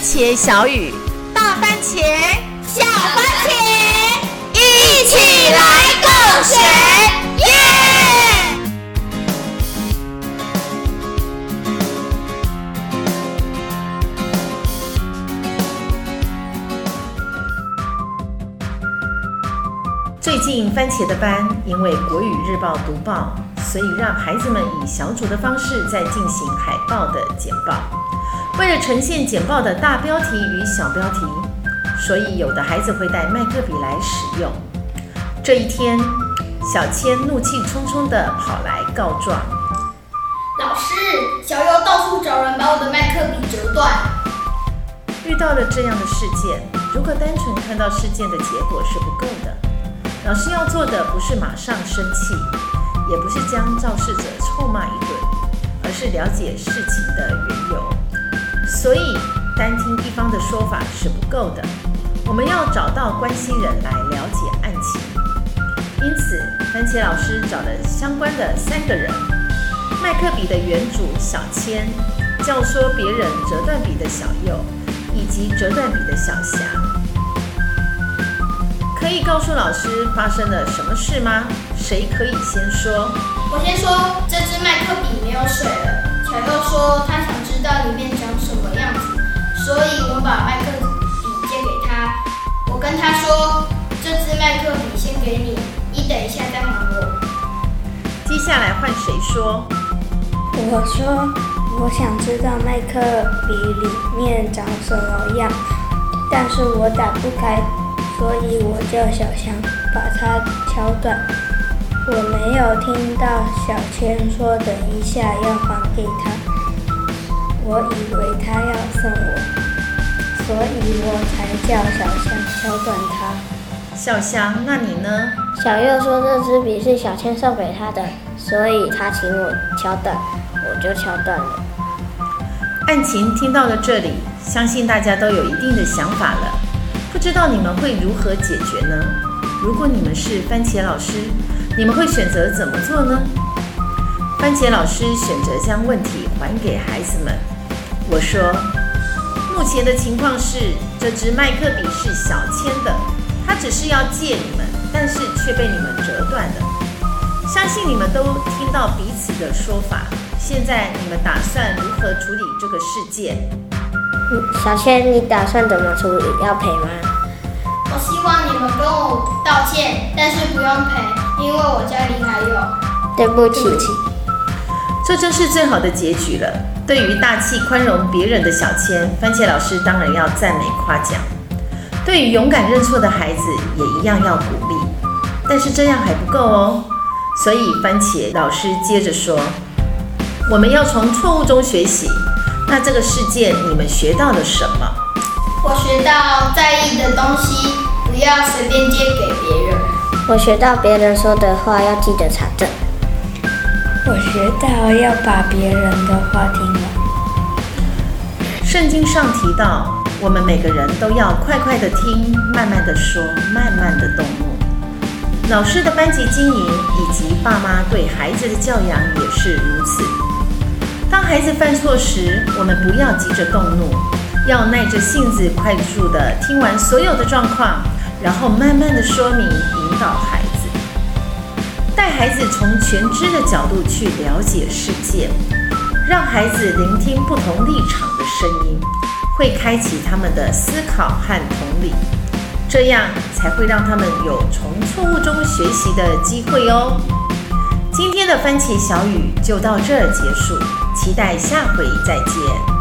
番茄小雨，大番茄，小番茄，番茄一起來共學，來學耶！最近番茄的班因為國語日報讀報，所以讓孩子們以小組的方式在進行海報的簡報。為了呈現簡報的大標題與小標題，所以有的孩子會帶麥克筆來使用。這一天，小千怒氣冲沖地跑來告狀：“老師，小妖到處找人把我的麥克筆折斷。”遇到了這樣的事件，如果單純看到事件的結果是不夠的。老師要做的不是馬上生氣，也不是將肇事者臭罵一頓，而是了解事情的。所以單聽一方的說法是不夠的，我們要找到關係人來了解案情。因此，番茄老師找了相關的三個人：麥克筆的原主小千，教唆別人折斷筆的小佑，以及折斷筆的小霞。可以告訴老師發生了什麼事嗎？誰可以先說？我先說，這支麥克筆沒有水了。全都說它。接下來換誰說？我說，我想知道麥克筆裡面長什麼樣，但是我打不開，所以我叫小強把它敲斷。我沒有聽到小千說等一下要還給他，我以為他要送我，所以我才叫小強敲斷他。小香，那你呢？小右說這支筆是小千送給他的，所以他請我敲斷，我就敲斷了。案情聽到了這裡，相信大家都有一定的想法了。不知道你們會如何解決呢？如果你們是番茄老師，你們會選擇怎麼做呢？番茄老師選擇將問題還給孩子們。我說，目前的情況是這支麥克筆是小千的。他只是要借你們，但是卻被你們折斷了。相信你們都聽到彼此的說法，現在你們打算如何處理這個事件？小千，你打算怎麼處理？要賠嗎？我希望你們跟我道歉，但是不用賠，因為我家裡還有。對不起。這真是最好的結局了。對於大氣寬容別人的小千，番茄老師當然要讚美誇獎。對於勇敢認錯的孩子，也一樣要鼓勵，但是這樣還不夠哦。所以番茄老師接着說：“我們要從錯誤中學習。那這個事件，你們學到了什麼？”我學到在意的東西不要隨便借給別人。我學到別人說的話要記得查證。我學到要把別人的話聽了。聖經上提到。我們每個人都要快快的聽，慢慢的說，慢慢的動怒。老師的班級經營以及爸媽對孩子的教養也是如此。當孩子犯錯時，我們不要急着動怒，要耐着性子，快速的聽完所有的狀況，然後慢慢的說明，引導孩子，帶孩子從全知的角度去了解世界，讓孩子聆聽不同立場的聲音。會開啟他們的思考和同理，這樣才會讓他們有從錯誤中學習的機會哦。今天的番茄小語就到這兒結束，期待下回再見。